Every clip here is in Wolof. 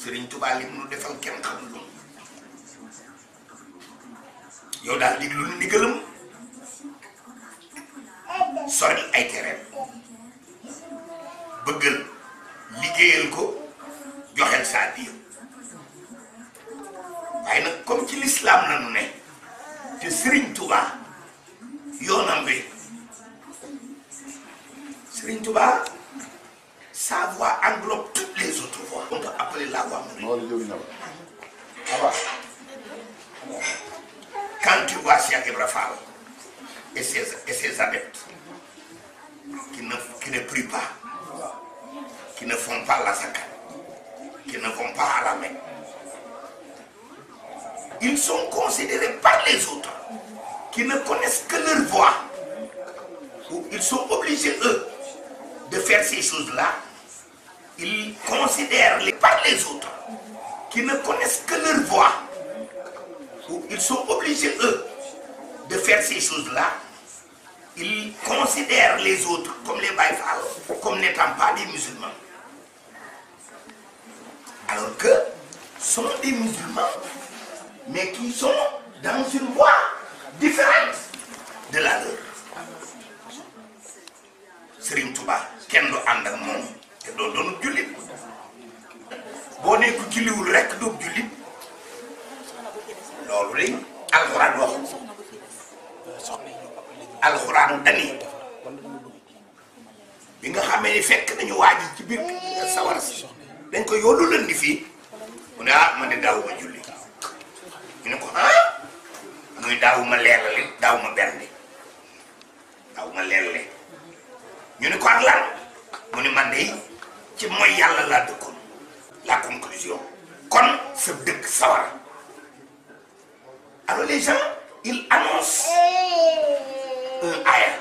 Sëriñ Tuubaa li mu defal kenn xamul yow daal diglu nu ndigalam sori ay tereem bëggal liggéeyal ko joxeel saa biir waaye nag comme ci lislaam la nu ne te Sëriñ Tuubaa yoonam bi Sëriñ Tuubaa sa voix englobe toutes les autres voix. On peut appeler la voix monotone. Quand tu vois Cheikh Ibra Fall et ses, et ne, qui pas, qui ne font pas la zakat, qui ne vont pas à la main, ils sont considérés par les autres qui ne connaissent que leur voix. Ils sont obligés, eux, de faire ces choses-là ils considèrent les, par les autres qui ne connaissent que leur voix. Ils sont obligés, eux, de faire ces choses-là. Ils considèrent les autres comme les Baïfals, comme n'étant pas des musulmans. Alors que sont des musulmans, mais qui sont dans une voie différente de la leur. Serigne Touba kenn du ànd te doo doonu jullit boo nee julliwul rek doo jullit loolu de alxuraan wax alxuraan dani bi nga xamee ni fekk nañu waaji ci biir sawar si dañ ko yoolu lën di fii mu ne ah man de daawuma julli ñu ne ko ah muy daawuma leerale daawuma bernde daawuma leerale ñu ne ko ak lan mu ne man de ci mooy yàlla laa dëkkoon la conclusion kon sa dëkk sawara alors les gens ils annoncent un aya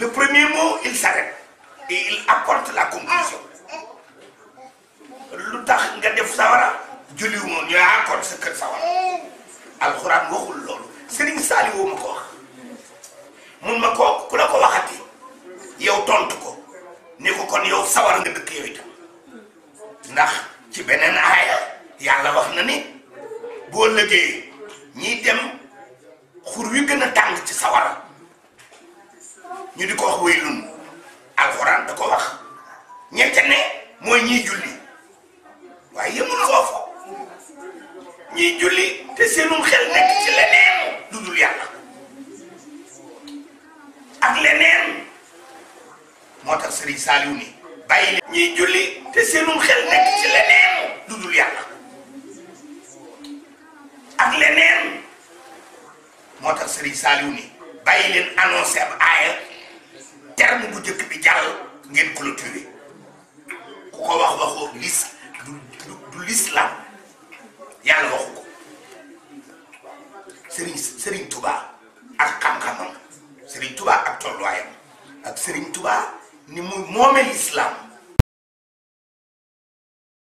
le premier mot il s'arrête et il apporte la conclusion lu tax nga def sawara julliwu moon ñu accord sa kër sawara alxuraan waxul loolu Serigne Saliou ma ko wax mun ma ko ku la ko wax kon yow sawar nga dëkk yow ndax ci beneen aaya yàlla wax na ni boo lëggee ñiy dem xur wi gën a tàng ci sawara ñu di ko wax waylun alxuraan da ko wax ñette ne mooy ñiy julli waaye yëmul foofu ñiy julli te seenum xel nekk ci leneen wax Serigne Saliou ni bàyyi leen ñuy julli te seenum xel nekk ci leneen lu dul yàlla ak leneen moo tax sëriñ Saliou ni bàyyi leen annoncé ab aaya bu njëkk bi jàll ngeen clôturer ku ko wax waxoo lis du du l'islam yàlla waxu ko Serigne Serigne Touba ak xam-xamam Serigne Touba ak tolluwaayam ak Serigne Touba. ni muy moomeel islam